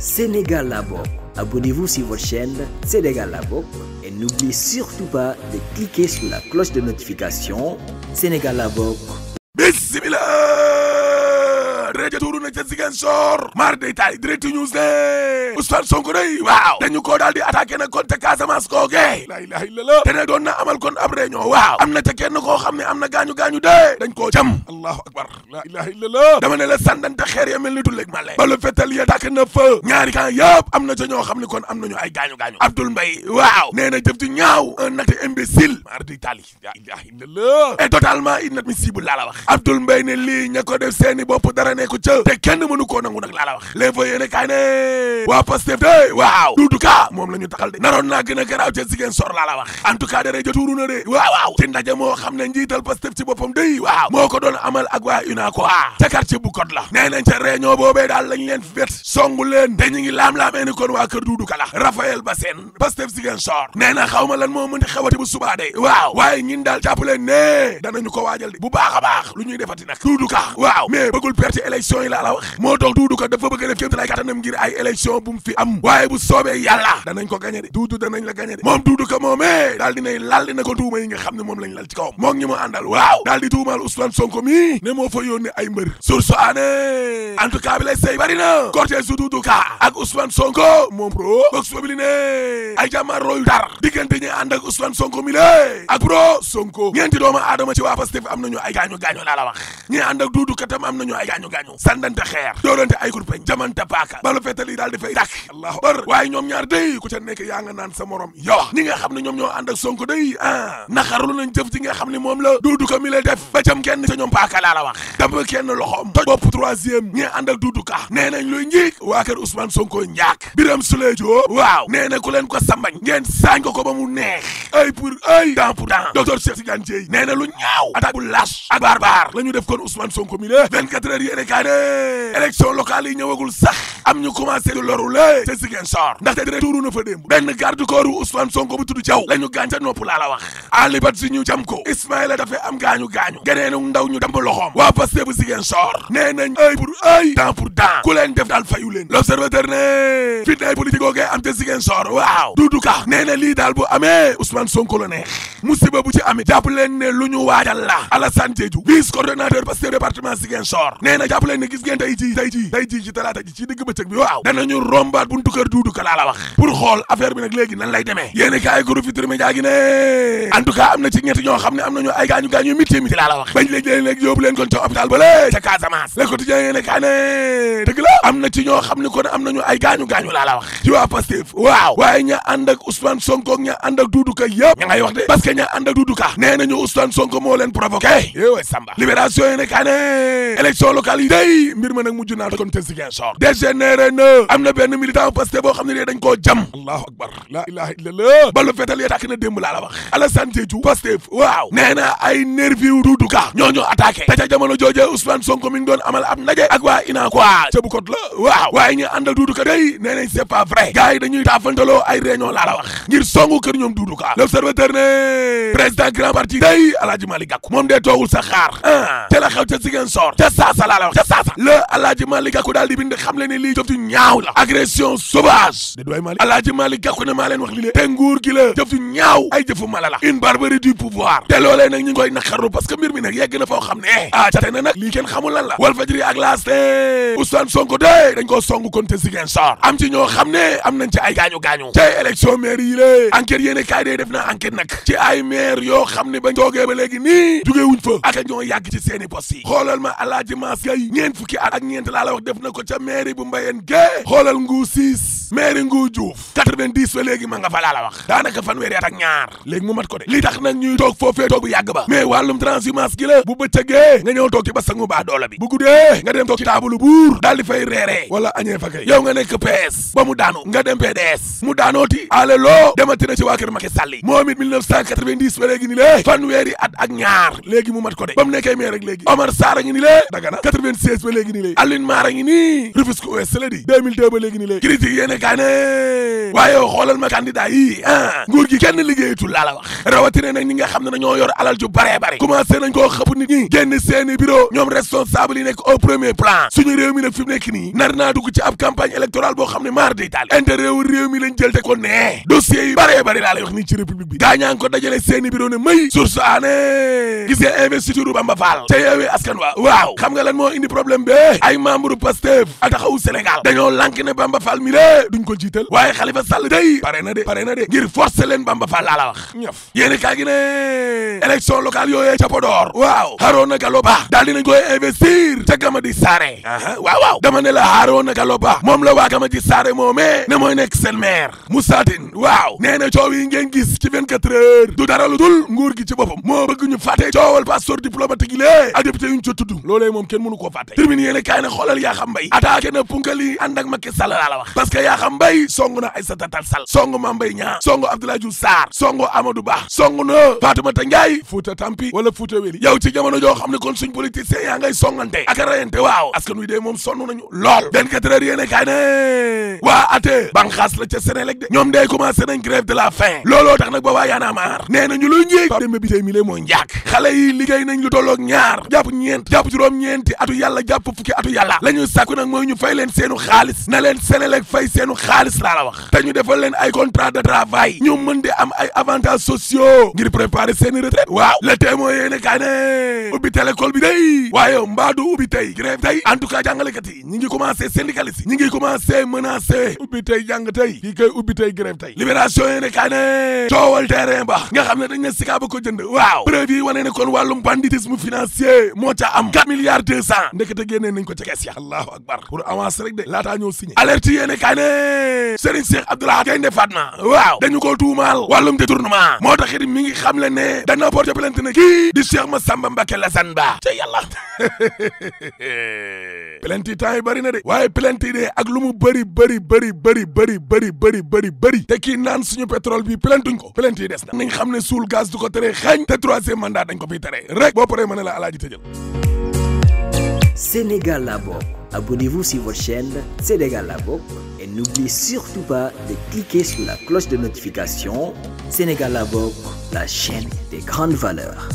Sénégal la bokk abonnez-vous sur votre chaîne Sénégal la et n'oubliez surtout pas de cliquer sur la cloche de notification Sénégal la bokk bismillah ja tuuru na ca Ziguinchor mar day taali direct news de Ousmane Sonko day dañu koo daal di attaqué nag kon te Casamance googe la ilaha illallah te nag doon na amal kon ab ne am na gaañu-gaañu jam allahu akbar la ilaha illallah dama ne la sandante xeer ya ni tulleeg male ba le fetal ya tàkk na fa ñaari kan yëpp am na ca ñoo xam kon am nañu ay gaañu-gaañu Abdoul Mbaye waaw nee na jëf ñaaw un acte imbécile mar day taali la ilaha ña ko def seeni bopp dara nekku ca te kenn mënu koo nangu la wax les voyeurs kaay ne waa Pastef de waaw duudu moom la ñu de naroon naa gën a garaaw ca Ziguinchor sor laa wax en tout cas na de waaw waaw ci moo xam ne njiital Pastef ci boppam de waaw moo ko doon amal ak waa UNACOIS ca bu kot la nee nañ ca réunion boobee daal leen fet songu leen te ñu ngi laam-laamee kon waa kër duudu la Raphaël Bassène Pastef Ziguinchor nee na xaw ma mënti xewati ko waajal de bu baax a baax lu ñuy defati élection yi laa la wax moo tax Doudou Ka dafa bëgg a def kéemtalaay kàttanam ngir ay élection bu mu fi am waaye bu soobee yàlla danañ ko gagné de Doudou danañ la gagné de moom Doudou Ka moomee daal dinay lal dina ko tuuma yi nga xam ne moom lañ lal ci kawam moom ñi ma àndal waaw daal di tuumaal Ousmane Sonko mi ne moo fa yónnee ay mbër source aané en tout cas bi lay say na cortège su Doudou Ka ak Ousmane Sonko moom pro box fobili ne ay jàmmaarloo yu tar diggante ñi mi lé ak pro Sonko ñeenti doomu aadama am nañu ay gaañu la wax ñi ànd ak sandante xeer doolante ay kurpeñ jamante paaka balu fetal yi daal di fay dàkk allahu waaye ñoom ñaar day ku ca nekk yaa nga naan sa morom yow ñi nga xam ne ñoom ñoo ànd ak Sonko day ah naxarlu nañ jëf ji nga xam ne moom la Doudou Ka mi la def ba jam kenn ca ñoom paaka laa la wax dab kenn loxoom toj bopp troisième ñi ànd ak Doudou Ka nee nañ luy njiig waa Sonko ñaak Biram Souleye waaw nee ku leen ko sambañ ngeen saañ ko ko ba mu neex ay pour lu ñaaw attaque bu lâche ak barbar la ñu dé élection locale yi ñëwagul sax am ñu commencé di loru lé te Ziguinchor ndaxte dina tuuru na fa démb benn garde corps u Ousmane Sonko bu tudd Diaw la ñu gaañ ca nopp laa la wax Ali Badji ñu jam ko Ismaïla Daffé am gaañu-gaañu geneenu ndaw ñu damb loxoom waa Pastef bu Ziguinchor nee nañ œil pour œil dent pour dent ku leen def daal fayu leen l'observateur ne fitnaay politique googee am te Ziguinchor waaw Doudou Ka nee lii daal bu amee Ousmane Sonko la neex la nee na leen ci ñoo xam ne kon am na ñoo ay gaañu gaañu laa wax ci waa Pastef waaw waaye ña ànd ak Sonko ña ànd ak Doudou Ka yëpp ña ngay wax de parce que ña ànd ak Doudou Sonko moo leen provoqué yéewa Samba libération ey mbir ma nag mujj naa kon te Ziguinchor dégénéré na am na benn militant Pastef boo xam ne dañ koo jam allahu akbar la ilaha illallah balu fetal ya tàkk na démb laa la wax Alassane Diédhiou Pastef waaw nee na ay nervi yu Doudou Ka ñoo ñu attaqué te Sonko mi ngi doon amal ab ndaje ak waa UNACOIS ca bu kot la waaw waaye ñu àndal Doudou Ka day nee nañ c'est pas vrai gars yi dañuy taafantaloo ay réunion laa la wax ngir songu kër ñoom Doudou Ka saasa la alaaji Malick Gakou daal di bind xam le ne lii jëf ju ñaaw la agression sauvage de doy Malick alaaji Malick Gakou ne maa wax li lée te nguur ñaaw ay jëfu mala une barbarie du pouvoir te loolee nag ñu ngi koy naqarlu parce que mbir mi nag yegg na foo xam ne ah cate na lii kenn xamul lan la wal fajri ak laas te Sonko de dañ koo song kon te Ziguinchor am ci ñoo xam ne am nañ ci ay gaañu-gaañu te élection maire yi lée enquête yéene dee def na enquête nag yoo xam ne ba léegi nii jugee wuñ fa ak ñoo ñeent fukki ak ñeent laa la na ko ca mairie bu mbayeen gee xoolal nguu siis mairie nguu juuf 90 ba léegi ma nga fa laa la wax daanaka fanweeri ak ñaar léegi mu mat ko de li tax nag ñuy toog foofee toog ba mais wàllum nga ñëw toog ci ba sangu baa doola bi ci taabalu buur daal di fay reeree wala añee fa kay yow nga nekk PS ni lée fanweeri at ak ñaar léegi mu mat ko de ba mu nekkee maire rek Omar Sarr a ni lée daga Thiès ba léegi nii lay Alioune Mar a ngi di 2002 ba léegi nii lay critique a kaane waaye xoolal ma candidat yi ah nguur gi kenn liggéeyatul laa la wax rawatina nag ñi alal ju baree bare commencé nañ koo xëpp seeni bureau ñoom responsable yi nekk au premier plan suñu réew mi nag fi mu nekk ci ab campagne électorale boo xam maar day taal intérêt wu réew mi te ko nee dossiers baree laa lay wax nii ci république problème bi ay membre Pastef ak taxawu Sénégal dañoo lànk ne Bamba Fall mi de duñ ko jiital waaye Khalifa Sall day pare na de pare na de ngir forcer leen Bamba Fall laa la wax ñëf yéeni kaa gi ne élection locale yooyee ca Podor waaw Harouna Gallo Ba daal dinañ koy investir ca Gamadi Saare waaw waaw dama la Harouna Gallo Ba moom la waa Gamadi Saare moomee ne mooy nekk seen maire Moussa Tine waaw nee coow yi ngeen gis ci 24 heures du dara lu tey termine yéene kaay ne xoolal yaa xam mbay attaqué na punkal yi ànd ak la wax parce yaa xam mbay song na Aïssata Tall Sall song Mame Mbaye Niang song Abdoulaye Diouf Sarr song Amadou Ba na Fatoumata Ndiaye Fouta Tampi wala Fouta Weli yow ci jamono joo xam ne kon suñ politiciens yaa ngay waa ate banxaas la ca Sénélec de ñoom day commencé nañ de la faim looloo tax nag boobaa maar nee nañu luy njéeg Pape Demba Bitèye mi lee nañ lu tolloog wala jàpp fukki atu yàlla la ñuy sàkku nag leen seenu xaalis fay seenu xaalis laa wax te ñu leen ay contrat de travail ñu mën di am ay sociaux ngir préparer seeni retraite waaw le témoin yéene kaa ne ubbi télécole bi day waaye mbaadu ubbi tey tey en tout cas jàngalekat yi ñi ngi commencé syndicaliste ñi ngi commencé menacé tey jàng tey kii koy tey libération yéene kaa ne coowal ba nga xam ne dañ sika ba ko jënd waaw preuve wane ne kon wàllum banditisme ndekete génnee nañ ko ca kees ya allahu akbar pour avancer rek de laataa ñoo signé alerte yéene kaay ne Serigne Cheikh Abdoulaye Gaynde Fatma waaw dañu ko tuumaal wàllum détournement moo tax it mi ngi xam le ne dana porté plainte ne kii di Cheikh Massamba Mbacké Lassane Ba ca yàlla plainte yi temps yi bëri na de waaye plainte de ak lu mu bari bëri bëri bëri bëri bëri bëri bëri bëri te kii naan suñu pétrole bi plaintuñ ko plainte yi des na nañ xam ne suul gaz du ko tere xañ te troisième mandat dañ ko fiy tere rek boo paree mën a la alaaji tëjal Sénégal la bokk abonnez-vous sur votre chaîne Sénégal la et n'oubliez surtout pas de cliquer sur la cloche de notification Sénégal la la chaîne des grandes valeurs